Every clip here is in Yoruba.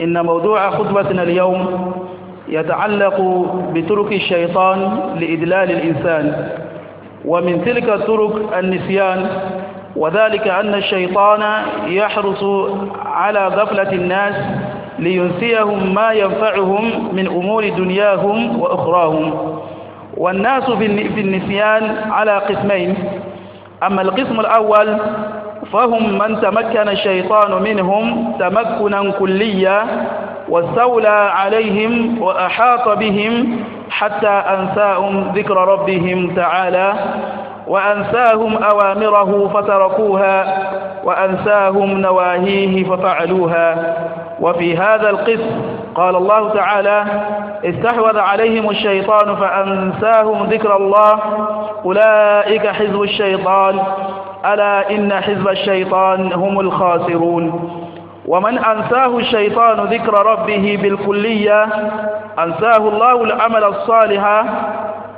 إن موضوع خطبتنا اليوم يتعلق بترك الشيطان لإدلال الإنسان ومن تلك الطرق النسيان وذلك أن الشيطان يحرص على غفلة الناس لينسيهم ما ينفعهم من أمور دنياهم وأخراهم والناس في النسيان على قسمين أما القسم الأول فهم من تمكن الشيطان منهم تمكنا كليا واستولى عليهم وأحاط بهم حتى أنساهم ذكر ربهم تعالى وأنساهم أوامره فتركوها وأنساهم نواهيه ففعلوها وفي هذا القسم قال الله تعالى استحوذ عليهم الشيطان فأنساهم ذكر الله أولئك حزب الشيطان ألا إن حزب الشيطان هم الخاسرون ومن أنساه الشيطان ذكر ربه بالكلية أنساه الله العمل الصالح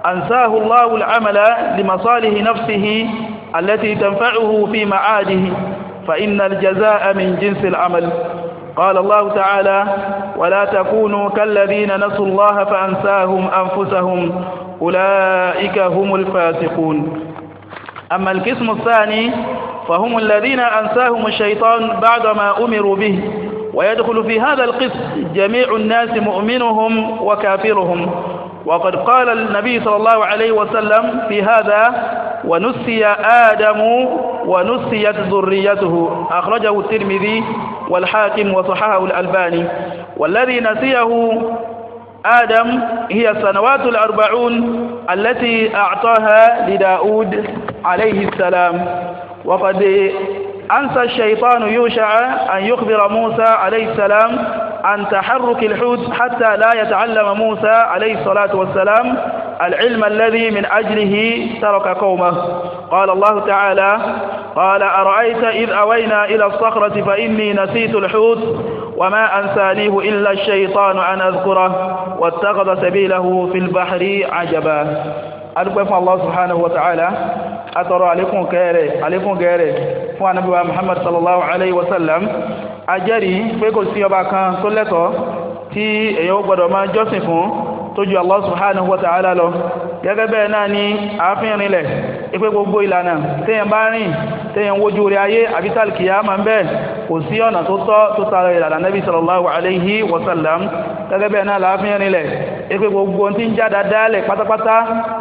أنساه الله العمل لمصالح نفسه التي تنفعه في معاده فإن الجزاء من جنس العمل قال الله تعالى ولا تكونوا كالذين نسوا الله فأنساهم أنفسهم أولئك هم الفاسقون أما القسم الثاني فهم الذين أنساهم الشيطان بعدما أمروا به ويدخل في هذا القسم جميع الناس مؤمنهم وكافرهم وقد قال النبي صلى الله عليه وسلم في هذا ونسي آدم ونسيت ذريته أخرجه الترمذي والحاكم وصححه الألباني والذي نسيه آدم هي السنوات الأربعون التي أعطاها لداود عليه السلام وقد أنسى الشيطان يوشع أن يخبر موسى عليه السلام عن تحرك الحوت حتى لا يتعلم موسى عليه الصلاة والسلام العلم الذي من أجله ترك قومه قال الله تعالى قال أرأيت إذ أوينا إلى الصخرة فإني نسيت الحوت وما أنسانيه إلا الشيطان أن أذكره واتخذ سبيله في البحر عجبا adúpẹ́ الله سبحانه وتعالى أترى عليكم atọrọ عليكم kẹrẹ àlékún محمد صلى الله عليه وسلم ajẹ́rìí pé kò sí ọba kan tó lẹ́tọ̀ọ́ tí èyàn ó gbọ́dọ̀ máa jọ́sìn fún tó ju Allah subhanahu wa ta'ala lọ gẹ́gẹ́ bẹ́ẹ̀ náà ni àáfin rinlẹ̀ ipé gbogbo ìlànà téèyàn bá rìn téèyàn wojú rẹ̀ ayé àbítàlì kìyàmà ń bẹ́ẹ̀ kò sí ọ̀nà tó tọ́ tó tara ìlànà nabi sallallahu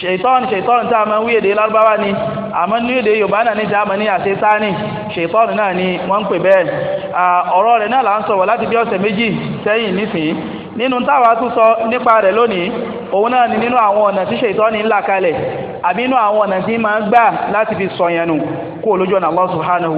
shaitan shaitan ta a máa ń wí ni àmọ́ ní èdè yorùbá náà ní dáàmú ní àṣetáni ṣètọ́n náà ni wọ́n ń pè bẹ́ẹ̀ ọ̀rọ̀ rẹ̀ náà là ń sọ̀rọ̀ láti bí ọ̀sẹ̀ méjì sẹ́yìn nísìnyí nínú táwa tún sọ nípa rẹ̀ lónìí òun náà ni nínú àwọn ọ̀nà tí fi sọ̀yàn nù kó Allah subhanahu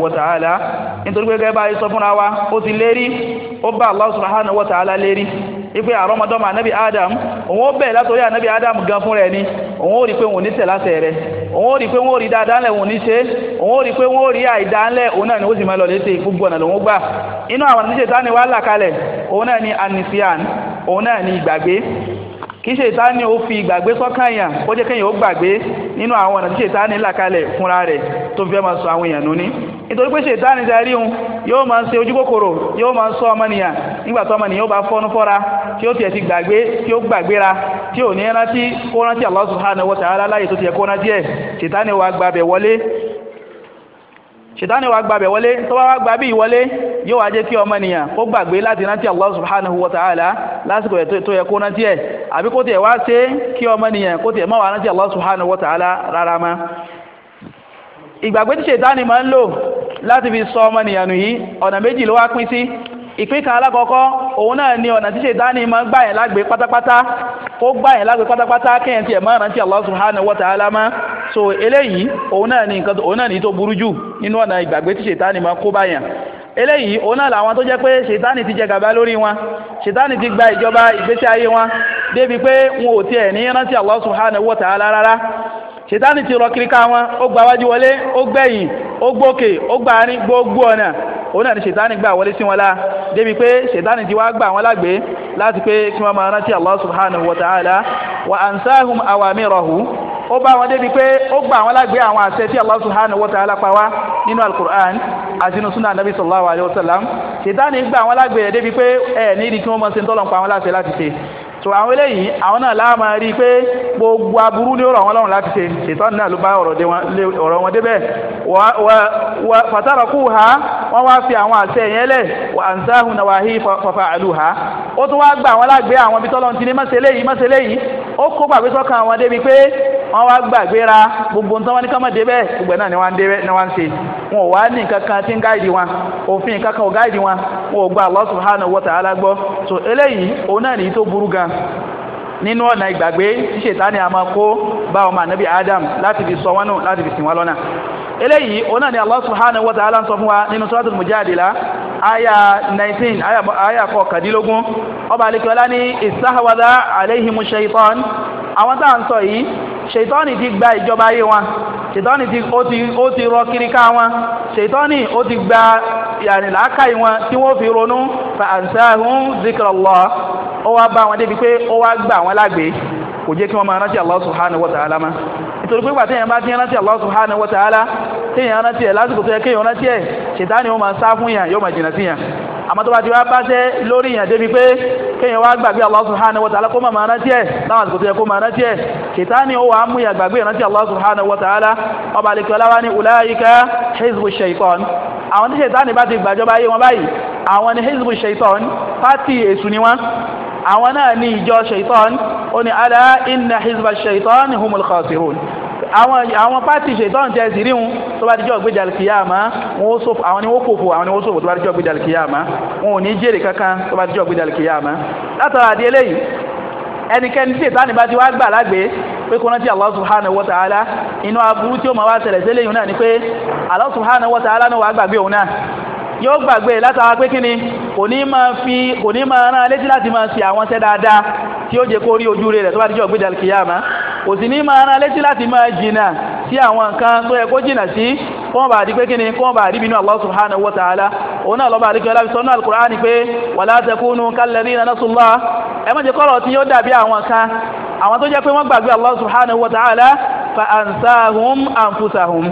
wa ta'ala wa ti ipe àrọ́mọdọ́mọ anabi adam òun ó bẹ̀ látòrí anabi adam gan fún rẹ̀ ni òun ó rí pé òun ò ní tẹ̀ lásẹ̀ rẹ̀ òun ó rí pé wọ́n ó rí dáadáa ńlẹ̀ òun ò ní ṣe òun ó rí pé wọ́n ó rí àìdáa ńlẹ̀ òun náà ni ó sì máa lọ léṣe gbogbo ọ̀nà lòun gbà inú àwọn àti ṣètá ni wàá là òun náà ni anisian òun náà ni ìgbàgbé kì í ṣètá ni ó fi ìgbàgbé sọ́kàn yàn kó jẹ́ kéèyàn ó gbàgbé nínú àwọn ọ̀nà tí ṣètáni là kalẹ̀ fúnra rẹ̀ tó fẹ́ máa sọ àwọn èèyàn nù ní nítorí pé ṣètáni ti rí un yóò máa ṣe ojú kòkòrò yóò máa sọ ọmọnìyàn nígbà tó ọmọnìyàn ó bá fọ́nú fọ́ra tí ó tiẹ̀ ti gbàgbé tí ó gbàgbéra tí ò ní rántí kó ṣètánì wa gbàbẹ̀ wọlé tó bá wá gbà bí ìwọlé yóò wá jẹ́ kí ọmọ ènìyàn kó gbàgbé láti rántí Allah subhanahu wa ta'ala lásìkò ẹ̀ tó yẹ kó rántí ẹ̀ àbí kó tiẹ̀ wá ṣe kí ọmọ ènìyàn kó tiẹ̀ má wá rántí Allah subhanahu wa ta'ala rárá ma. ìgbàgbé tí ṣètánì máa ń lò láti fi sọ ọmọ ènìyàn yìí ọ̀nà méjì ló wá pín sí ìpín kan alákọ̀ọ́kọ́ òun náà ni ọ̀nà tí ṣètánì máa ń gbà yẹn lágbè pátápátá kó gbà yẹn lágbè pátápátá kéèyàn tiẹ̀ máa rántí so eléyìí òun náà ni nǹkan òun náà ni tó burú jù nínú ọ̀nà ìgbàgbé tí ṣètánì máa kó bá yẹn eléyìí òun náà làwọn tó jẹ́ pé ti jẹ gàba lórí wọn ṣètánì ti gba ìjọba ìgbésí ayé wọn débi pé wọn ò tiẹ̀ ní rántí Allah subhanahu wa ta'ala rárá ṣètánì ti rọ kiri ká wọn ó gbawájú wọlé ó gbẹ̀yìn ó gbókè ó gbà ní gbogbo ọ̀nà òun náà ni ṣètánì gbà wọlé sí wọn lá débi pé ṣètánì ti wá gbà wọn lágbé láti pé kí wọ́n máa rántí Allah subhanahu wa ta'ala wa ansahum awamirahu ó bá wọn débi pé ó gbà wọn lágbé àwọn àṣẹ tí Allah subhanahu wa ta'ala pa wá nínú alukur'an àti nínú sunnah nabi sallallahu alayhi wa sallam ṣètánì gbà wọn lágbé débi pé ẹ̀ ní ìdí tí wọ́n mọ̀ sí pa wọn láṣẹ láti ṣe so àwọn eléyìí àwọn náà láà máa rí i pé gbogbo aburú ni ó rọ̀ wọ́n lọ́rùn láti ṣe ṣètọ́nù náà ló bá ọ̀rọ̀ wọn débẹ̀ ha wọ́n wá fi àwọn àṣẹ yẹn lẹ̀ wà ń sáhùn náà ha ó tún wá gba àwọn alágbé àwọn ibi tọ́lọ́ ní mọ́sẹ̀ léyìí ó kó àwọn débi pé wọ́n wá gbogbo nǹkan wọn ní kámọ̀ débẹ̀ gbogbo náà ni wọ́n débẹ̀ ni wọ́n ṣe wọn ò wá ní nǹkan kan tí ń gáìdì wọn òfin nǹkan ò wọn wọn so eléyìí òun náà nìyí tó burú gan nínú ọ̀nà ìgbàgbé tí ṣètánì ba kó bá ọmọ Adam láti fi sọ wọn nù láti fi sìn eléyìí ọ̀nà ni Allah subhanahu wa ta'ala ń sọ fún wa nínú mujadila aya 19 aya kọkàndínlógún ọba alikiola ní istahwadha alayhimu shaitan àwọn tá à ń sọ yìí ṣètọ́nì ti gba ìjọba ayé wọn ṣètọ́nì ti ó ti rọ kiriká wọn ṣètọ́nì ó ti gba wọn tí wọ́n fi ronú fa kò jẹ́ kí wọ́n máa rántí Allah subhanahu wa ta'ala ma nítorí pé pàtẹ́yìn yẹn bá ti rántí Allah subhanahu wa ta'ala téèyàn rántí ẹ̀ lásìkò tó yẹ kéèyàn rántí ẹ̀ ṣètánì ó máa sá fún yàn yóò máa jìnà sí yàn àmọ́ tó bá ti wá báṣẹ́ lórí yàn débi pé kéèyàn wá gbàgbé Allah subhanahu wa ta'ala kó máa rántí ẹ̀ láwọn àsìkò àwọn náà ní ìjọ ṣèitán ó ní alá inna hizba ṣèitán humul khasirun àwọn àwọn pátì ṣètọ́n tẹ́ sí ríhun tó bá díjọ́ gbéjà kìyàmá wọn ó sòfò àwọn ni wọ́n kòfò àwọn ni wọ́n sòfò tó bá díjọ́ gbéjà kìyàmá wọn ò ní jèrè kankan tó bá díjọ́ gbéjà kìyàmá látara àdé eléyìí ẹnikẹ́ni tí ìtàn ìbá ti wá gbà lágbé pé yóò gbàgbé látara pé kíni kò ní máa fi kò ní máa rán létí láti máa ṣe àwọn ṣẹ́ dáadáa tí ó jẹ́ kó rí ojú rẹ̀ tó bá dijọ́ gbéjà kìyàmá kò sì ní máa rán létí láti máa jìnnà sí àwọn nǹkan tó yẹ kó jìnnà sí kọ́n bá di pé kí kọ́n bá di bínú Allah subhanahu wa ta'ala òun náà lọ́ba àdìgbò alábi sọ́nà alukur'ani pé wala takunu kalladhina nasullah ẹ má jẹ́ kọ́rọ̀ tí yóò dàbí àwọn kan àwọn tó jẹ́ pé wọ́n gbàgbé Allah subhanahu wa ta'ala fa ansahum anfusahum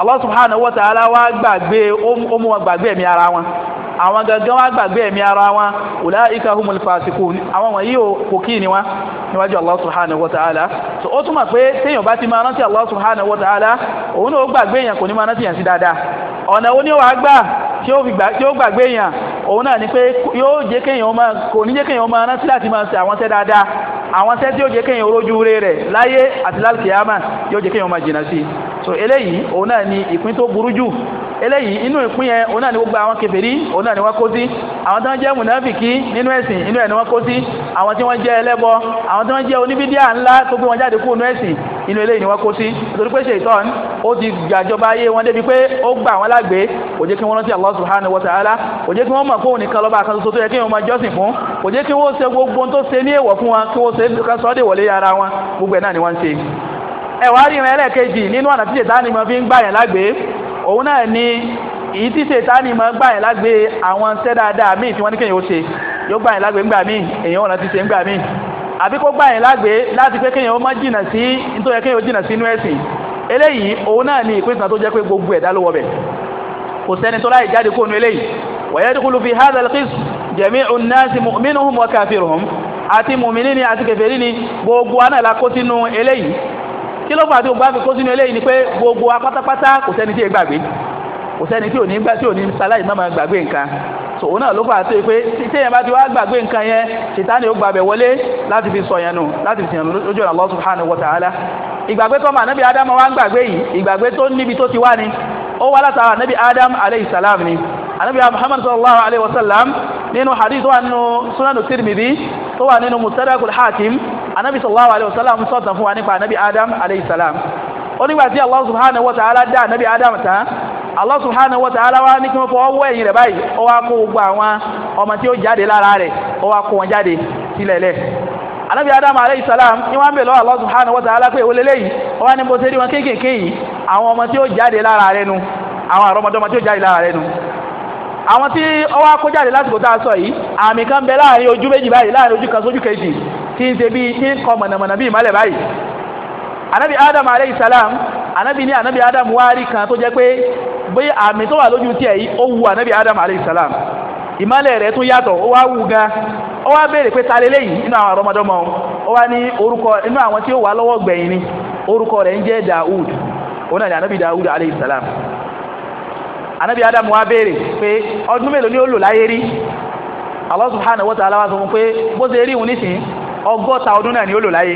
Allah subhanahu wa ta'ala wá gbàgbé ó mú wọn gbàgbé ẹ̀mí ara wọn àwọn gangan wá gbàgbé ẹ̀mí ara wọn ulaika humul fasiqun àwọn wọ̀nyí ò kò kí ni wọn níwájú Allah subhanahu wa ta'ala so ó túmọ̀ pé téèyàn bá ti máa rántí Allah subhanahu wa ta'ala òun náà ó gbàgbé èèyàn kò ní máa rántí èèyàn sí dáadáa ọ̀nà oníwàá gbà tí ó gbàgbé èèyàn òun náà ni pé yóò jẹ́ kéèyàn máa kò ní jẹ́ kéèyàn máa rántí láti máa ṣe àwọn tẹ́ dáadáa àwọn tẹ́ tí yóò jẹ́ kéèyàn rójú rere rẹ̀ láyé àti lálùkìyàmà yóò jẹ́ kéèyàn máa jìnnà sí so eléyìí òun náà ni ìpín tó burú jù eléyìí inú ìpín yẹn òun náà ni gbogbo àwọn kèfèrí òun náà ni wọ́n kó sí àwọn tí wọ́n jẹ́ mùnàfìkì nínú ẹ̀sìn inú ẹ̀ ni wọ́n kó sí àwọn tí wọ́n jẹ́ ẹlẹ́bọ àwọn tí wọ́n jẹ́ oníbídíà ńlá tó gbé wọn jáde kúrò nínú ẹ̀sìn inú eléyìí ni wọ́n kó sí nítorí pé ṣètọ́n ó ti gbàjọba ayé wọn débi pé ó gbà wọn lágbè kò jẹ́ kí wọ́n rántí Allah subhanahu wa ta'ala kò jẹ́ kí wọ́n mọ̀ fóun nìkan lọ́ba kan ṣoṣo tó yẹ kí wọ́n máa jọ́sìn fún kò jẹ́ kí wọ́n ṣe gbogbo tó ṣe ní èèwọ̀ fún wọn kí wọ́n ṣe ká sọ́ọ́dẹ̀ wọlé ara wọn gbogbo ẹ̀ náà ni wọ́n ń ṣe ẹ̀wà rí ìrìn ẹlẹ́ẹ̀kejì nínú ọ̀nà tí ṣètánì mọ́ fi ń gbà yẹn lágbè òun náà ni èyí tí ṣètánì máa gbà yẹn lágbè àwọn ṣẹ́ dáadáa míì tí wọ́n ní kéèyàn ó ṣe yóò gbà yẹn lágbè ńgbà míì èèyàn ọ̀nà ti ṣe ńgbà míì àbí kó gbà yẹn lágbè láti pé kéèyàn ó má jìnà sí nítorí kéèyàn ó jìnà sí inú ẹ̀sìn eléyìí òun náà ni ìpín tó jẹ́ pé gbogbo ẹ̀dá ló wọ bẹ̀ kò sẹ́ni tó láì jáde kó nu eléyìí wayadkhulu fi kí ló fà tí o bá fi kó sínú eléyìí ni pé gbogbo wa pátápátá kò sẹ́ni tí ì gbàgbé kò sẹ́ni tí ò ní gbà tí ò ní sáláì má máa gbàgbé nǹkan so òun náà ló fà tó o pé téèyàn bá ti wá gbàgbé nǹkan yẹn ṣètánì ó gbàbẹ̀ wọlé láti fi sọ yẹn nù láti fi sìn lójú ọ̀nà Allah subhanahu wa ta'ala ìgbàgbé tó mà nábì ádámù wá ń gbàgbé yìí ìgbàgbé tó níbi tó ti wá ni ó wá látara nábì ádámù aleyhi salam ni anabi muhammad sallallahu alayhi wa sallam nínú hadith tó wà nínú sunanu tirmidhi tó wà nínú mustadrakul hakim anabi sallallahu alayhi wa sallam sọ̀tàn fún wa nípa anabi adam alayhi salam ó nígbà tí allah subhanahu wa ta'ala dá anabi adam tán allah subhanahu wa ta'ala wa ní kí wọ́n fọwọ́ wọ ẹ̀yìn rẹ̀ báyìí ó wá kó gbogbo àwọn ọmọ tí ó jáde lára rẹ̀ ó wá kó wọn jáde sílẹ̀lẹ̀ anabi adam alayhi salam ni wọ́n bẹ̀ lọ́wọ́ allah subhanahu wa ta'ala pé ìwọlé lẹ́yìn ó wá ní bó ṣe wọn kéékèèké yìí àwọn ọmọ tí ó jáde lára rẹ̀ nu àwọn àrọ́mọdọ́mọ tí ó jáde lára rẹ̀ nu àwọn tí ó wá lásìkò tá a sọ yìí àmì kan bẹ láàrin ojú méjì báyìí láàrin ojú kan sójú kejì tí ń ṣe bí ń kọ mọ̀nàmọ̀nà bí ìmọ̀lẹ̀ anabi adam aleyhi salam anabi ni anabi adam wárí kan tó jẹ́ pé bí àmì tó wà lójú tiẹ̀ yìí wu anabi adam aleyhi salam ìmọ̀lẹ̀ rẹ̀ tó yàtọ̀ ó wá wù gan ó wá béèrè pé ta leléyìí àwọn ó wá ní orúkọ inú àwọn tí ó wà lọ́wọ́ gbẹ̀yìn ni orúkọ rẹ̀ ń jẹ́ daoud òun náà ni anabi daoud aleyhi salam anabi adam wá béèrè pé ọdún mélòó ni ó lò láyé rí subhanahu wa ta'ala wá sọ fún pé bó ọgọ́ta ọdún náà ni ó lò láyé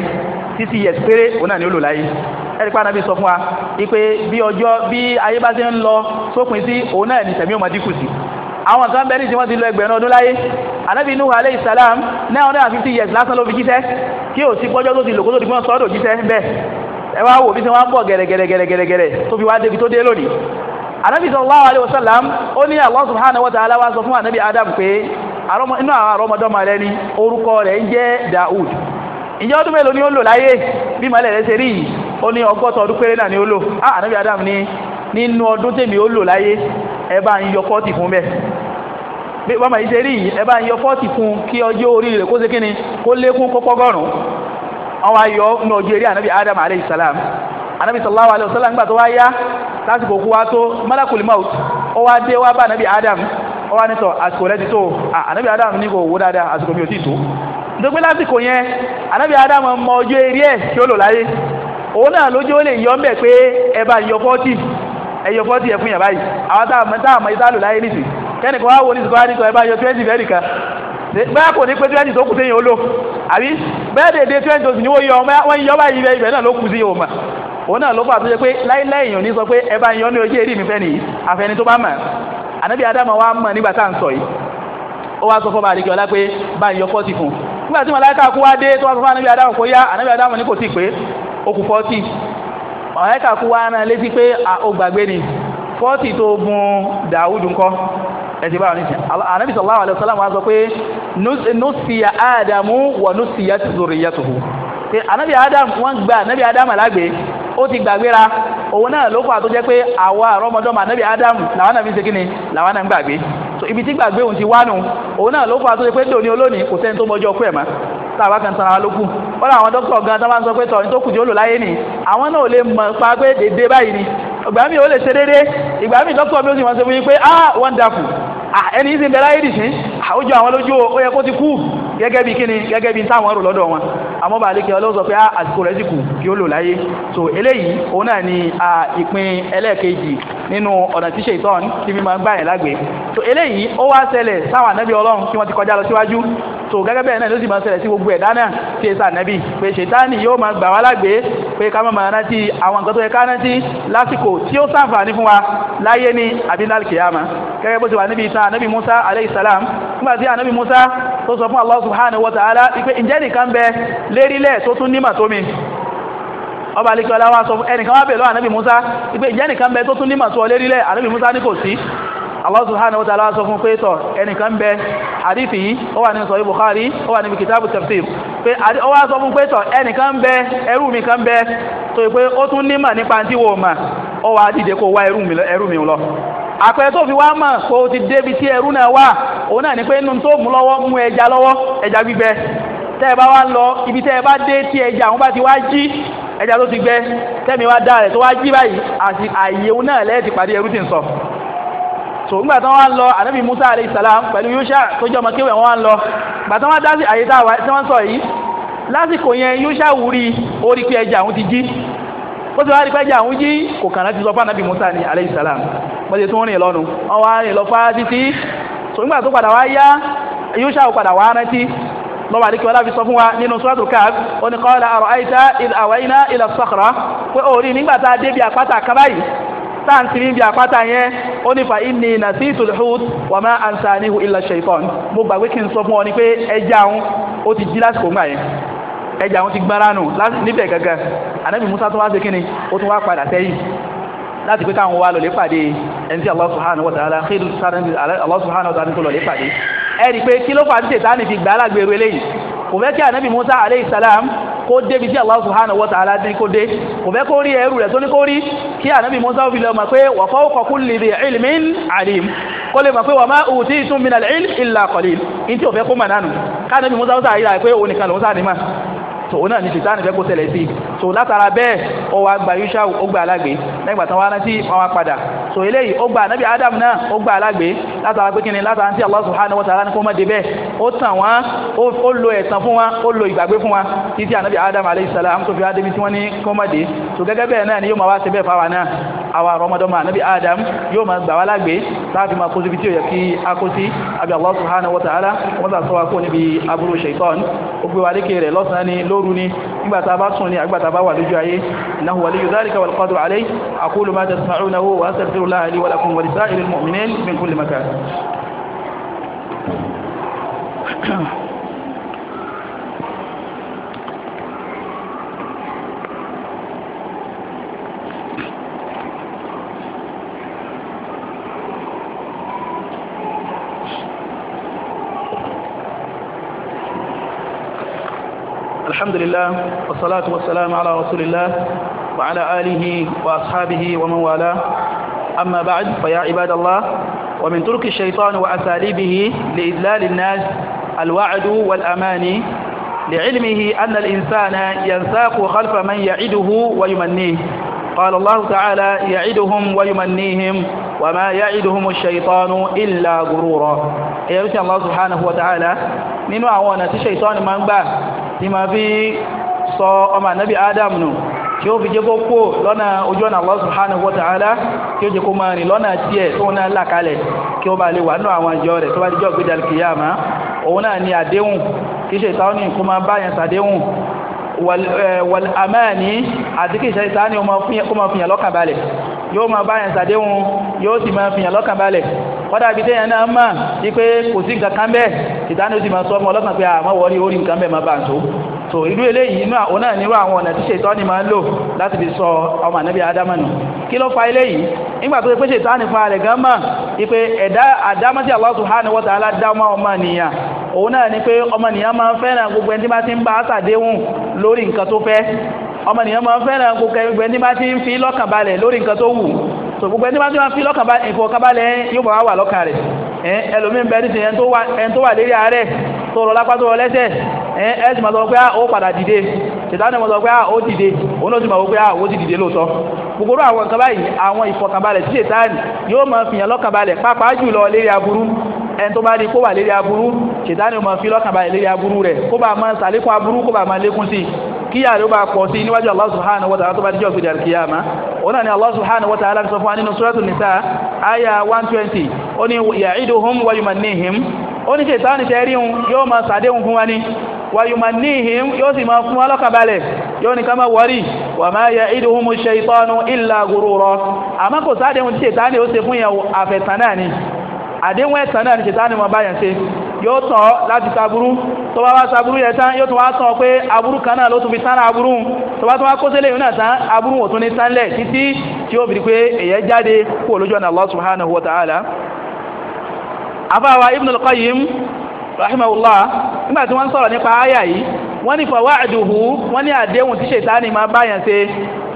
títí yẹ̀ péré òun náà ni ó lò láyé ẹ̀rípa anabi sọ fún wa wípé bí ọjọ́ bí ayé bá ti ń lọ sópin sí òun náà ni tẹ̀mí ó máa dínkù sí àwọn kan bẹ́ẹ̀ ní tí wọ́n ti lọ ẹgbẹ̀rún ọdún láyé anabi nuhu alayhi salam nine hundred and fifty years lásán ló fi jíṣẹ́ kí o sì gbọ́jọ́ tó ti lò kó tó di fún sọ́dọ̀ jíṣẹ́ bẹ́ẹ̀ ẹ wá wò bí sẹ́ wọ́n á bọ̀ gẹ̀rẹ́gẹ̀rẹ́gẹ̀rẹ́gẹ̀rẹ́ tó fi wá débi tó dé lónìí anabi sallallahu alayhi wa sallam ó ní Allah subhanahu wa ta'ala wá sọ fún anabi adam pé inú àwọn àrọ́mọdọ́mọ rẹ ni orúkọ rẹ̀ ń jẹ́ Daud ìjọ ọdún mélòó ni ó lò láyé bí màálẹ̀ rẹ̀ ṣe rí yìí ó ní ọgọ́ta ọdún péré náà ni ó lò á ah, ànábì Adam ní nínú ọdún tèmi ó lò láyé ẹ bá ń yọ fọ́ọ̀tì fún bẹ́ẹ̀ bí wọ́n máa ṣe rí yìí ẹ bá ń yọ fọ́ọ̀tì fún kí ọjọ́ orí rẹ̀ kó ṣe kíni kó lékún kó pọ́gọ́rùn-ún àwọn ayọ̀ ní ọjọ́ eré ànábì Adam salam anabi sallallahu alayhi wa sallam gbà tó wá yá lásìkò kú wá adam ó wá nítọ̀ àsìkò rẹ ti tó ànábì Ádámù ní kò wó dáadáa àsìkò mi ò tí tó nítorí pé lásìkò yẹn ànábì Ádámù mọ ọjọ́ eré ẹ̀ tí ó lò láyé òun náà lójú ó lè yọ ọ́ mbẹ̀ pé ẹ bá yọ fọ́tì ẹ yọ fọ́tì ẹ fún yàrá yìí àwọn táà mọ ìtàlù láyé nìsí kẹ́nìkan wá wo ní sùkọ́ ẹ bá yọ twenty fẹ́ẹ́ nìkan bẹ́ẹ̀ kò ní pé twenty tó kù sí yẹn ó lò àbí bẹ́ẹ̀ dèdè twenty tó sì ní wọ́n yọ òun náà ló fà tó jẹ́ pé láíláí èèyàn ní sọ pé ẹ bá ń yọ ní ojú èrí mi fẹ́ nìyí àfẹni tó bá mọ̀ ànábì Ádámù wa mọ̀ nígbà tá à ń sọ yìí ó wá sọ fún balẹ̀ kíọ́lá pé bá ń yọ fọ́ọ̀tì fún nígbà tí màláíkà kú wá dé tó wá sọ fún ànábì Ádámù kó yá ànábì Ádámù ní kò tí pé ó kù fọ́ọ̀tì màláíkà kú wá rán létí pé ó gbàgbé ni fọ́ọ̀tì tó gun Dáúdù ńkọ́ ẹ̀sìn báwọn nìsín ànábì sallallahu alaihi wasallam wá sọ pé nusiya Ádámù wa nusiyat zurriyatuhu pé anabi adam wọ́n gba anabi adam alágbe ó ti gbàgbéra òun náà ló fà tó jẹ́ pé àwa àrọ́mọdọ́mọ anabi adam làwọn náà fi ṣe kíni làwọn náà ń gbàgbé so ibi tí gbàgbé òun ti wánu òun náà ló fà tó jẹ́ pé dòní olónìí kò sẹ́ni tó mọjọ́ ọkú ẹ̀ mọ́ tàbá kan sanra ló kù wọ́n àwọn dókítà gan tó bá ń sọ pé tọ̀yìn tó kù tí ó lò láyé nì àwọn náà ò lè mọ̀ pa pé dédé báyìí ni ìgbà mi ò lè ṣe dédé ìgbà mi dókítà mi ò sì wọ́n ṣe fún yín pé ah wonderful ẹni yìí ti bẹ̀rẹ̀ ayé dìsín àwùjọ àwọn lójú ó yẹ kó ti kú gẹ́gẹ́ bí kíni gẹ́gẹ́ bí táwọn rò lọ́dọ̀ wọn àmọ́ bá àlékè ọlọ́sọ pé ah, àsìkò rẹ̀ sì kù kí ó lò láyé so eléyìí òun náà ni ìpín ẹlẹ́ẹ̀kejì nínú ọ̀nà tí ṣètọ́n tí mi ń gbà yẹn so eléyìí ó wá ṣẹlẹ̀ sáwọn ànábì ọlọ́run tí wọ́n ti kọjá lọ síwájú so gẹ́gẹ́ bẹ́ẹ̀ náà ló sì máa ń ṣẹlẹ̀ sí gbogbo ẹ̀dá náà tí èsà ànábì pé ṣètánì yóò máa gbà wá lágbè pé ká má máa rántí àwọn nǹkan tó yẹ ká rántí lásìkò tí ó ṣàǹfààní fún wa láyé ní abinalkiyama gẹ́gẹ́ bó ti wà níbi ìtàn anabi musa alayhi nígbà tí anabi musa tó sọ fún allah subhanahu wa ta'ala ipe ǹjẹ́ nìkan bẹ lérílẹ̀ tó tún nímọ̀ tó mi ọba alikọ́lá wa sọ ẹnìkan wá bẹ̀ lọ́wọ́ anabi musa ipe ǹjẹ́ nìkan bẹ tó tún nímọ̀ tó lérílẹ̀ anabi musa ní kò sí Allah subhanahu wa ta'ala sọ fún pé tọ̀ ẹnìkan bẹ hadithi yìí ó wà nínú sọ̀rọ̀ Bukhari ó wà níbi kitabu tafsir pé ó wá sọ fún pé tọ̀ ẹnìkan bẹ ẹrú mi kan bẹ tó yẹ pé ó tún nímọ̀ nípa tí wò mà ó wá dìde kó wá ẹrú mi lọ àpẹẹrẹ tó fi wá mọ̀ kó o ti débi tí ẹrú náà wà òun náà ni pé nínú tó mú lọ́wọ́ mú ẹja lọ́wọ́ ẹja gbígbẹ tẹ́ ẹ bá wá lọ ibi tẹ́ ẹ bá dé tí ẹja àwọn bá ti wá jí ẹja tó ti gbẹ tẹ́mi wá dá rẹ̀ tó wá jí báyìí àti àyè òun náà lẹ́ẹ̀ pàdé ẹrú ti ń sọ so ńgbà tí wọ́n lọ anabi musa alayhi salam pẹ̀lú yusha tó jẹ́ ọmọ kéwì wọ́n lọ gbà tí wọ́n dá sí àyè táwa tí wọ́n sọ yìí lásìkò yẹn yusha wúri orí pé ẹja àwọn ti jí ó ti wá rí pé ẹja àwọn jí kò kàn láti sọ fún anabi musa ni alayhi salam wọ́n ti tún rìn lọ́nu wọ́n wá rìn lọ fá títí so ńgbà tó padà wá yá yusha padà wá rántí lọ́wọ́ àdíkẹ́ wọ́n láfi sọ fún wa nínú suratul Kahf ó ní qala ara'ayta idh awayna ila as-sakhra pé òórí nígbà tá a débi àpáta kábàyìí táǹtì níbi àpáta yẹn ó ní fa inni nasitul hut wa ma ansanihu illa shaytan mo gbàgbé kí n sọ fún ọ ní pé ẹja òun ó ti jí lásìkò ńgbà yẹn ẹja òun ti gbára nù níbẹ̀ gẹ́gẹ́ ànábì Musa tó wá ṣe kíni ó tún wá padà sẹ́yìn láti pé káwọn wá lọlé pàdé ẹni tí Allah subhanahu wa ta'ala khairu sáré Allah subhanahu wa ta'ala tó lọlé pàdé ẹ rí i pé ti tètè á kò fẹ́ kí ànábì Musa alayhi salam kó débi tí Allah subhanahu wa ta'ala ní kó dé kò fẹ́ kó rí ẹrù rẹ̀ tó ní kó rí kí ànábì Musa fi lọ mọ̀ pé wa fawqa kulli dhi ilmin alim kó lè mọ̀ pé wa ma utitum min al-ilm illa qalil ní tí ò fẹ́ kó mọ̀ nánu ká ànábì Musa ó sàyíra pé òun nìkan lòún sàníma tòun náà ní sìtánì fẹ́ kó tẹ̀lé sí so látara bẹ́ẹ̀ ó wá gba yushau ó gba alágbé lẹ́gbàá tán wá rántí wọn wá padà so eléyìí ó gba anabi adam náà ó gba alágbé látara pé kíni látara tí allah subhanahu wa ta'ala ní kó má dé bẹ́ẹ̀ ó tàn wọ́n ó lo ẹ̀sán fún wọn ó lo ìgbàgbé fún wọn títí anabi adam alayhi salam tó fi adébi tí wọ́n ní kó má dé so gẹ́gẹ́ bẹ́ẹ̀ náà ni yóò máa wá ṣe bẹ́ẹ̀ fáwa náà àwa rọmọdọ́mọ anabi adam yóò máa gbà wá lágbé láti máa kó síbi tí ó yẹ kí a kó sí àbí allah subhanahu wa ta'ala wọ́n tà sọ wa kó níbi aburú shaitan ó gbé ni lóru ni nígbà tá a بابا ولجاي انه ولي ذلك والقادر عليه اقول ما تسمعونه واستغفر الله لي ولكم ولسائر المؤمنين من كل مكان Yeah. الحمد لله والصلاة والسلام على رسول الله وعلى آله وأصحابه ومن والاه أما بعد فيا عباد الله ومن ترك الشيطان وأساليبه لإذلال الناس الوعد والأماني لعلمه أن الإنسان ينساق خلف من يعده ويمنيه قال الله تعالى يعدهم ويمنيهم وما يعدهم الشيطان إلا غرورا يا الله سبحانه وتعالى من àwọn الشيطان من بعد ní ma fi sọ ọmọ ànábì adam nù tí ó fi jẹ́ kó kó lọ́nà ojú ọ̀nà Allah subhanahu wa ta'ala kí ó jẹ́ kó máa rìn lọ́nà tiẹ̀ tó náà là kalẹ̀ kí ó bá lè wà nù àwọn àjọ rẹ̀ tó bá di gbéjà kìyàmá òun náà ni àdéhùn kí ṣe ìtàn ní kó máa bá yẹn sàdéhùn wal eh, amani àti kí ṣe ìtàn ní kó máa fìyàn lọ́kàn balẹ̀ yóò máa bá ya sàdéhùn yóò sì máa fìyàn lọ́kàn balẹ̀ kọ́dà bíi téèyàn náà mà ní pé kò sí nǹkan kan bẹ́ẹ̀ ìdáná sì máa sọ fún ọlọ́kàn pé àmọ́ wọlé orí nǹkan bẹ́ẹ̀ máa bá ń tó so eléyìí inú àwọn náà nírú àwọn ọ̀nà tí ṣètọ́ni máa ń lò láti fi sọ ọmọ ànábì kí ló fa eléyìí nígbà tó ṣe pé ṣètọ́ni fún gan ipe òun náà ni pé ọmọ gbogbo ẹni tí bá ti ń ọmọ nìyẹn máa fẹ́ràn gbogbo ẹgbẹ́ ní bá ti ń fi lọ́kàn balẹ̀ lórí nǹkan tó wù tó gbogbo ẹni bá ti máa fi lọ́kàn balẹ̀ ìfọ̀kàn balẹ̀ yóò bá wà lọ́kàn rẹ̀ ẹlòmíín bẹ́ẹ̀ nísìnyí ẹni tó wà lérí ààrẹ tó rọ lápá tó rọ lẹ́sẹ̀ ẹ sì máa sọ pé ah, ó padà dìde ṣètàn gbogbo àwọn nǹkan báyìí àwọn ìfọ̀kànbalẹ̀ tí ètàní yóò máa fìyàn lọ́kànbalẹ̀ pàápàá jùlọ lérí aburú ẹni tó bá rí kó wà lérí aburú ṣètàní máa fi lọ́kànbalẹ̀ lérí aburú rẹ̀ kó bá máa sàlékún aburú kó bá máa lékún sí kíyà ló bá pọ̀ sí níwájú Allah subhanahu wa ta'ala tó bá díjọ́ fìdí àríkìyàmá ni Allah subhanahu wa ta'ala sọ fún wa nínú suratu nisa aya 120 ó ní wa yumannihim ó ní ṣètàní tẹ́rí yóò wa ní wa yumannihim yóò sì máa yóò ní ká má wọ́rí wà má ya'iduhumu shaytanu illa ghurura àmọ́ kò sáà déhùn ṣètàn ni ó ṣe fún yẹn àfẹ̀tàn náà ni àdéhùn ẹ̀tàn náà ni ṣètàn ni mo bá yẹn ṣe yóò tàn ọ́ láti saburú tó bá wá saburú yẹn tán yóò tún wá tàn ọ́ pé aburú kan náà ló tún fi tán aburú tó bá tún wá kó sílẹ̀ yìí náà tán aburú wò tún ní tán lẹ̀ títí tí ó bìrì pé èyẹ jáde kó olójú ọ̀nà Allah subhanahu wa ta'ala. àfàwà Ibn al rahimahullah nígbà tí wọ́n ń sọ̀rọ̀ nípa àyà yìí wọ́n ní fawaaduhu wọ́n ní àdéhùn tí ṣètánì máa báyàn ṣe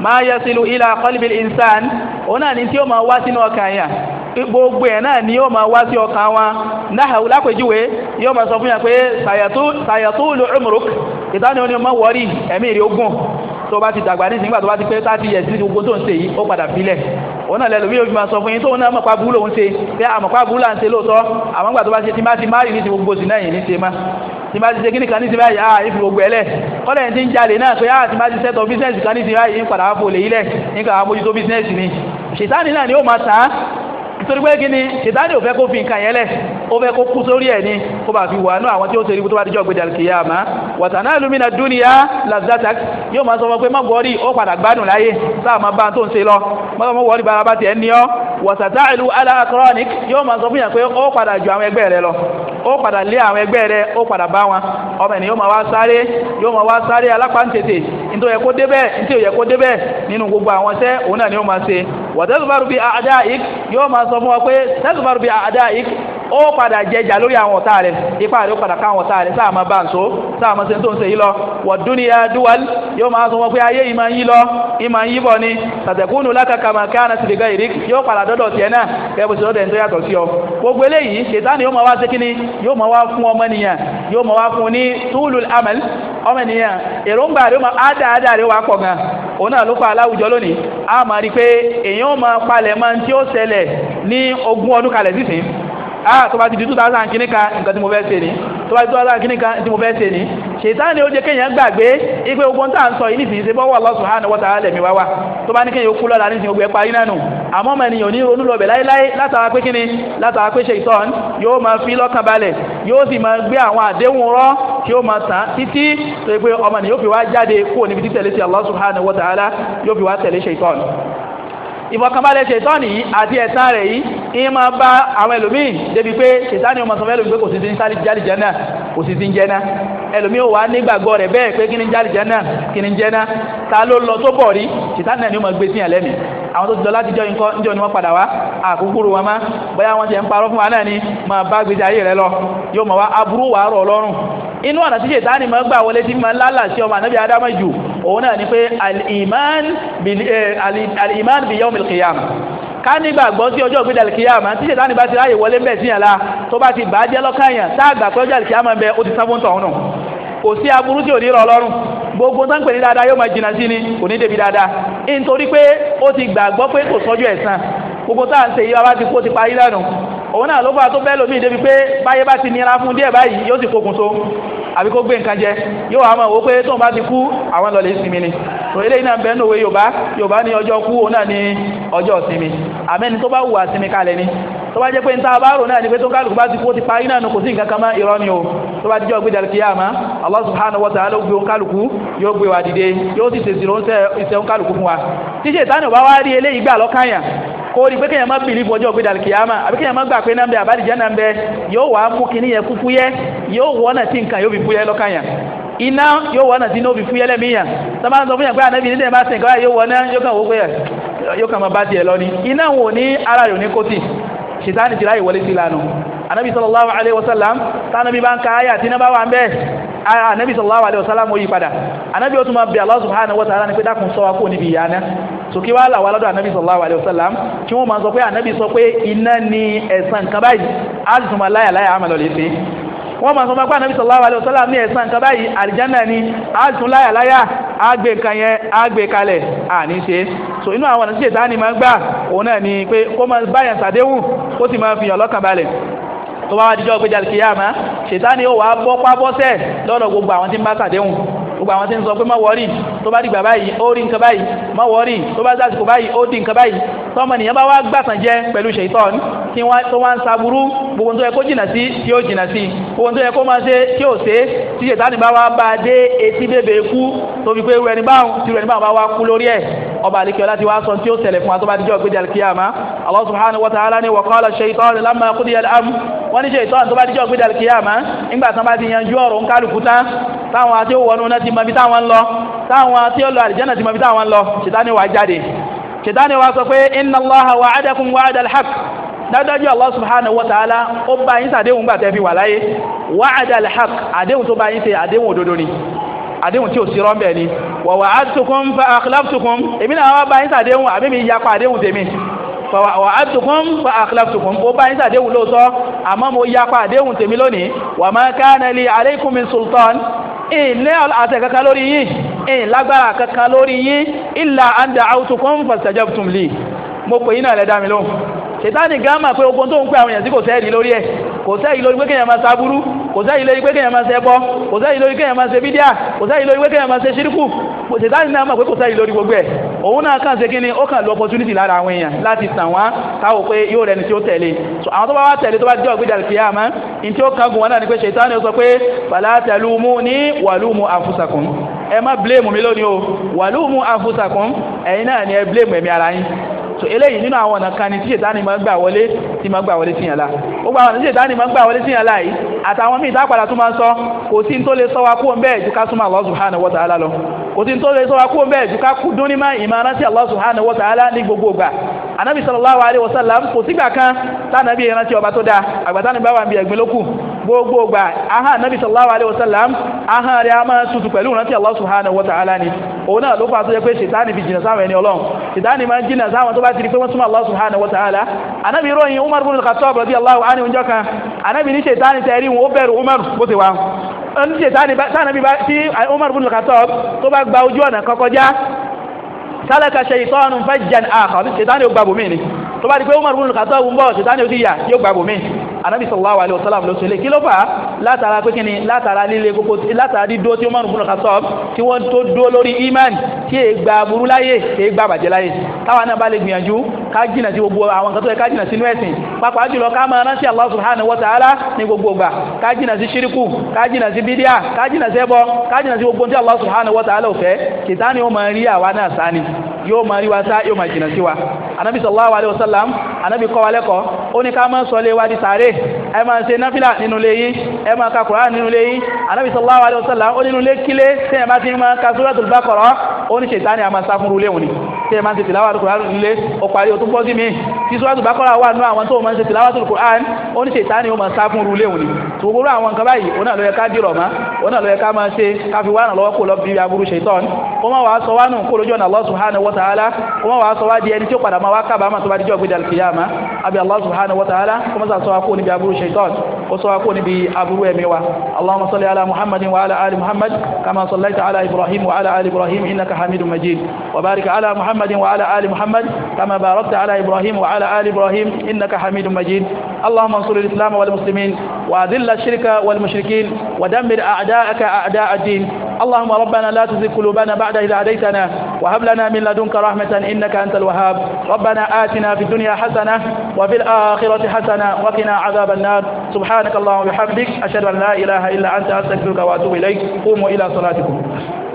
máa yasilu ila qalbil insan òun náà ní tí ó máa wá sínú ọkàn yà gbogbo ẹ̀ náà ni yóò máa wá sí ọkàn wa náà lápèjúwe yóò máa sọ fún yà pé sàyàtú lù umruk ìtàn ni ọmọ wọrí ẹ̀mí ìrì ogun tó bá ti dàgbà nísìnyí nígbà tó bá ti pé thirty years ní gbogbo tó ń ṣe yìí ó padà bílẹ̀ òun náà lẹ́nu bí yóò fi máa sọ fún yín tóun náà mọ̀pá burú lòun ṣe pé àmọ̀pá burú là ń ṣe lóòótọ́ àwọn gbà tó bá ṣe ti má ti má rì ní ti gbogbo sí náà yìí ní ti má ti má ti ṣe kíní kan ní ti báyìí àá ìfi gbogbo ẹlẹ kọ́lẹ̀ ní ti ń jalè náà pé àá ti má ti sẹ́tọ̀ bísíǹsì kan ní ti báyìí ń padà wá fòlè yìí lẹ̀ nígbà àwọn mójútó bísíǹsì ni ṣètánì náà ni ó máa tàn án nítorí pé kíni ṣètàdé ò fẹ́ kó fi nǹkan yẹn lẹ̀ ó fẹ́ kó kú sórí ẹ̀ ni kó bá fi wà nú àwọn tí ó ṣeré tó bá dijọ́ gbẹdẹ kìí àmá wàtánà lumina dúnìyà lazata yóò máa sọ wọn pé mọ́gbọ́rì ó padà gbádùn láyé sáà máa bá tó ń ṣe lọ mọ́gbọ́rì bára bá tiẹ̀ ní ọ́ wàtàtà ìlú alákọ́rọ́nìk yóò máa sọ fún yàn pé ó padà ju àwọn ẹgbẹ́ rẹ lọ ó padà lé àwọn ẹgbẹ́ rẹ ó padà bá wọn ọmọ ènìyàn máa wá sáré yóò máa wá sáré alápá ń tètè nítorí ẹ̀kọ́ débẹ̀ nítorí ẹ̀kọ́ débẹ̀ nínú gbogbo àwọn iṣẹ́ òun náà ni ó máa ṣe wàtẹ́sùmárù bíi àdáyìk yóò máa sọ fún wa pé tẹ́sùmárù bíi àdáyìk ó padà jẹjà lórí àwọn ọ̀tá rẹ̀ ipá rẹ̀ ó padà káwọn ọ̀tá rẹ̀ sáà máa bá ń so sáà máa ṣe tó ń ṣe yìí lọ yóò máa sọ wọn pé ayé ìmọ̀ yìí lọ ìmọ̀ yìí bọ̀ ni tàtẹ̀kùnù lákàkà máa káàna sì dìgbà ìrí yóò padà dọ́dọ̀ tiẹ̀ náà kẹ́bù sí ọ̀dẹ̀ tó sí ọ gbogbo eléyìí ṣètánì yóò máa wá sékíní yóò máa wá fún ọmọ yóò máa wá fún ní túlù ọmọ èròǹgbà máa pọ̀ gan òun náà ló pa aláwùjọ lónìí a máa rí i pé èèyàn máa palẹ̀ máa ah tó bá ti di two thousand kìíní kan nǹkan tí mo fẹ́ ṣe ni tó bá ti two thousand kìíní kan tí mo fẹ́ ṣe ni ṣètáni ó jẹ́ kéèyàn gbàgbé ipe ogun tá à ń sọ yìí nìsín ṣe bọ́wọ́ Allah subhanahu wa ta'ala lẹ̀mí wá wá tó bá ní kéèyàn kú lọ́la nìsín ogun ẹ̀ parí náà nù àmọ́ ọmọ ènìyàn ní ronú lọ́bẹ̀ láéláé látara pé kíni látara pé ṣètọ́n yóò máa fi lọ́kàn balẹ̀ yóò sì máa gbé àwọn àdéhùn rọ́ tí ó máa tàn títí tó yẹ pé ọmọ ènìyàn yóò fi wá jáde kúrò níbi títẹ̀lé sí Allah subhanahu wa ta'ala yóò fi wá tẹ̀lé ṣètọ́n ìfọkànbalẹ̀ ṣètọ́nì yìí àti ẹ̀san rẹ̀ yìí ìyẹn máa bá àwọn ẹlòmíì débi pé ṣètánì ọmọ sọfẹ́ ẹlòmíì pé kò sí ti ń sáré jáde jẹ́ náà kò sí ti ń jẹ́ ẹlòmíì ò nígbàgbọ́ rẹ̀ bẹ́ẹ̀ pé kí ni jáde jẹ́ náà kí ni jẹ́ ta ló lọ tó bọ̀ rí ṣètánì náà ni gbé sí yàn àwọn tó ti lọ láti jọ nǹkan níjọ ni wọ́n padà wá àkúkúrú wọn má bóyá wọ́n ti ń parọ́ fún wa náà ni máa bá gbèsè ayé rẹ lọ yóò máa wá aburú wàá rọ̀ lọ́rùn inú ọ̀nà tí ṣètánì máa gbà wọlé tí máa lálà sí ọmọ ànábì adámọ̀ jù òun náà ni pé al-iman bi eh, yawm al-qiyamah ká sí ọjọ́ ìgbéjà al-qiyamah tí ṣètánì bá ti ráyè wọlé ń bẹ̀ síyàn la tó bá ti bàá jẹ́ lọ́kàn yàn tá àgbà pé ọjọ́ al-qiyamah ń bẹ ó ti sábó ń tọ̀ ọ́nà kò sí aburú tí ò ní rọ lọ́rùn gbogbo tó ń pè ní dáadáa yóò máa jìnnà sí ni kò ní débi dáadáa nítorí pé ó ti gbàgbọ́ pé kò sọ́jú ẹ̀san gbogbo tá à ń ṣe yìí bàbá ti kó ti parí lẹ́nu òun náà ló bá tó bẹ́ẹ̀ lómi débi pé báyé bá ti nira fún díẹ̀ báyìí yóò sì kókun so àbí kó gbé nǹkan jẹ yóò wá máa wò pé tóun bá ti kú àwọn lọ lè sinmi ni tò eléyìí náà bẹ́ẹ̀ nòwe yorùbá yorùbá ní ọjọ́ kú òun náà ní ọjọ́ sinmi àmẹ́ni tó bá wù àsinmi kalẹ̀ ni tó bá jẹ́ pé níta bá rò náà ni pé tó kálukú bá ti kó ti parí náà nù kò sí nǹkan kan mọ́ irọ́ ni o tó bá ti jẹ́ ògbé dàlùkì yàmá Allah subhanahu wa ta'ala gbé òǹkálukú yóò gbé wa dìde yóò sì tèsì lóńsẹ ìṣe òǹkálukú fún wa tíṣe ìtàn ò bá wá rí eléyìí gbà lọ́kànyà kó o di pé kéèyàn má bìlí fún ọjọ́ ògbé dàlùkì yàmá àbí kéèyàn má gbà pé náà ń bẹ àbádìjẹ́ náà ń bẹ yóò wá mú kinní yẹn kúkú yẹ yóò wọ́nà tí nǹkan yóò fi kú yẹ lọ́kànyà iná yóò wọ́n náà tí ní ó fi fún yẹ́lẹ́ míyàn tó máa ń sọ fún yàn pé ànábì nílẹ̀ máa sìn káwá yóò wọ́n náà yóò kàn wó pé yóò kàn máa bá tiẹ̀ lọ ni iná wò ní ara rẹ̀ ò ní kó tì ṣètánì ti ráyè wọlé sí lánàá anabi sallallahu alayhi wa sallam tánabi bá ń ka ayé àti iná bá wà ń bẹ́ẹ̀ anabi sallallahu alayhi wa sallam ó yí padà anabi ó tún máa bí Allah subhanahu wa ta'ala ni pé dákun sọ wa kó níbi ìyá náà sókè wá làwọn alọ́dọ̀ anabi sallallahu alayhi wa sallam kí wọ́n máa sọ anabi sọ pé iná ni ẹ̀san kan báyìí á sì tún máa láyà láyà àmàlọ́ lè wọ́n máa sọ fún akpáàná bíi sallallahu alaihi wasallam ní ẹ̀sán nǹkan báyìí àlìjáná ni àtún láyàláyà àgbè nǹkan yẹn àgbè kalẹ̀ àní ṣe so inú àwọn àti ṣètá ni máa gbà òun náà ni pé kó máa báyà sàdéhùn ó sì máa fìyàn lọ́kàn balẹ̀ tó bá wá dijọ́ gbéjà kìyàmá ṣètá ni ó wàá bọ́ pábọ́sẹ̀ lọ́dọ̀ gbogbo àwọn tí ń bá sàdéhùn gbogbo àwọn tí ń sọ pé má wọ́rì tó bá dìgbà báyìí ó rí nǹkan báyìí má wọ́rì tó bá sásìkò báyìí ó di nǹkan báyìí tọ́mọ nìyẹn bá wá gbàtàn jẹ pẹ̀lú ṣèitán kí wọ́n tó wá ń saburú gbogbo tó yẹ kó jìnà sí tí ó jìnà sí gbogbo tó yẹ kó máa ṣe tí ó ṣe tí ṣèitán bá wá bá dé etí bèbè kú tó fi pé rẹ̀ ní tí rẹ̀ ní bá wá kú lórí ẹ̀ ọba àlekí ọlá ti wá sọ tí ó tẹ̀lé fún wa tó bá dijọ́ gbé dàlkí àmà Allah subhanahu wa ta'ala ni wa qala shaytan lamma qudiya al-amr wọ́n ní shaytan tó bá dijọ́ gbé dàlkí àmà nígbà tán bá ti yanjú ọ̀rọ̀ ń kálukú tán táwọn àti ó wọnú náà ti mọ ibi táwọn ń lọ táwọn àti ó lọ àlìjẹ́nà ti mọ ibi táwọn àdéhùn tí ò sí rọ́ńbẹ̀ ni wa wa'adtukum fa akhlaftukum èmi náà wá bá yín sàdéhùn àbí mi yapa àdéhùn tèmi fa wa'adtukum fa akhlaftukum ó bá yín sàdéhùn lóòótọ́ àmọ́ mo yapa àdéhùn tèmi lónìí wa ma kana li sultan ilé àtẹ kankan lórí yín ìlágbára kankan lórí yín illa an da'awtukum fastajabtum li mo pè ṣètánì gan mà pé ogun tó ń pè àwọn èèyàn tí kò sẹ́ẹ̀lì lórí ẹ̀ kò sẹ́ẹ̀lì lórí pé kéèyàn máa ṣaburú kò sẹ́ẹ̀lì lórí pé kéèyàn máa ṣe ẹbọ kò sẹ́ẹ̀lì lórí kéèyàn máa ṣe bídíà kò sẹ́ẹ̀lì lórí pé kéèyàn máa ṣe ṣírìkù ṣètánì náà mà pé kò sẹ́ẹ̀lì lórí gbogbo ẹ̀ òun náà kàn ṣe kí ni ó kàn lo opportunity lára àwọn èèyàn láti tàn wá káwọ pé yóò rẹni tí ó tẹ̀lé so àwọn tó bá wá tẹ̀lé tó bá jẹ́ ògbéjà kìí àmọ́ ní tí ó kángun wọn náà ni pé ṣètánì ó sọ pé fala talumuni walumu anfusakum ẹ má blame mi lónìí o walumu anfusakum ẹ̀yin náà ni ẹ blame ẹ̀mí ara yín so eléyìí nínú àwọn ọ̀nà kan ni tí ṣètánì máa ń gbà wọlé tí máa ń gbà wọlé sí yàn la ó gbà wọn tí ṣètánì máa ń gbà wọlé sí yàn la yìí àtàwọn míì dápadà tó máa ń sọ kò sí tó lè sọ wa kúrò bẹ́ẹ̀ ju ká súnmọ́ Allah subhanahu wa ta'ala lọ kò sí tó lè sọ wa kúrò bẹ́ẹ̀ ju ká kú dún ní ìmọ̀ rántí Allah subhanahu ní gbogbo ìgbà anabi sallallahu alayhi wa sallam kò sígbà kan tánàbí ìrántí ọba tó dáa àgbàtánì bá wà ń gbogbo gbà anabi sallallahu alayhi wa sallam ahán rẹ̀ a máa tutù pẹ̀lú ìrántí ni òun náà ló fà tó yẹ pé ṣètánì fi jìnnà sáwọn ẹni ọlọ́run ṣètánì máa bá ti rí pé wọ́n súnmọ́ Allah subhanahu wa ta'ala anábì ròyìn Umar bin al-Khattab radiyallahu anhu ń jọ́kan anábì ní ṣètáni tẹ̀rí wọn ó bẹ̀rù Umar bó ti wá ń ṣètáni tánàbì bá tí Umar bin al-Khattab tó bá gba ojú ọ̀nà kọkọjá sálẹ̀ka shaytanu fajjan akhar ṣètáni ó gbàgbọ́ mí ni tó bá di pé Umar bin al-Khattab ń bọ̀ ṣètáni ó ti yà yóò gbàgbọ́ mí anábì sallallahu alaihi wasallam ló ṣe lé kí ló fà látara pé kíni látara líle kókó látara dídó tí Umar ibn Khattab tí wọ́n tó dó lórí iman tí èé gba burú láyè èé gba bàjẹ́ láyè táwa náà bá lè gbìyànjú ká jìnà sí gbogbo àwọn nǹkan tó yẹ ká jìnà sínú ẹ̀sìn pàápàá jùlọ ká máa rántí Allah subhanahu wa ta'ala ní gbogbo ìgbà ká jìnà sí ṣíríkù ká jìnà sí bídíà ká jìnà sí ẹbọ ká jìnà sí gbogbo tí Allah subhanahu wa ta'ala ò fẹ́ kìtàní ó máa rí àwa náà sáni yóò máa rí wa sá yóò máa jìnà sí wa anabi sallallahu alayhi wa sallam anabi kọ́ wa lẹ́kọ̀ọ́ ó ní ká máa sọ lé wa di sàárè ẹ máa ṣe náfìlà nínú lé yín ẹ máa ka Kùránì nínú ilé yín anábì sallallahu alaihi wasallam ó nínú ilé kílé tí ẹ máa ti máa ka Suratul Baqara ó ní ṣètánì àmà sáfúnrú ilé òní tí ẹ máa ti tìláwà tó Kùránì nínú ilé ó parí ó tún bọ́ sí mi tí Suratul Baqara wà nínú àwọn tó máa ti tìláwà tó Kùránì ó ní ṣètánì ó máa sáfúnrú ilé òní tòwòrò àwọn nǹkan báyìí òun náà ló yẹ ká dìrọ̀ mọ́ òun náà ló yẹ ká máa ṣe ká fi lọ́wọ́ kó lọ bí aburú ṣètọ́n kó má wàá sọ wá nù kó ọ̀nà Allah subhanahu wa ta'ala kó má wàá sọ wá di ẹni tí ó padà máa wá kábàámà tó bá dijọ́ gbé dàlùkìyàmá àbí Allah subhanahu wa ta'ala kó má sà sọ wá kó níbi aburú ṣètọ́n وسواكون بأبروه ميوا اللهم صل على محمد وعلى آل محمد كما صليت على إبراهيم وعلى آل إبراهيم إنك حميد مجيد وبارك على محمد وعلى آل محمد كما باركت على إبراهيم وعلى آل إبراهيم إنك حميد مجيد اللهم انصر الإسلام والمسلمين وأذل الشرك والمشركين ودمر أعداءك أعداء الدين اللهم ربنا لا تزغ قلوبنا بعد إذا هديتنا وهب لنا من لدنك رحمة إنك أنت الوهاب ربنا آتنا في الدنيا حسنة وفي الآخرة حسنة وقنا عذاب النار سبحان سبحانك اللهم وبحمدك أشهد أن لا إله إلا أنت أستغفرك وأتوب إليك قوموا إلى صلاتكم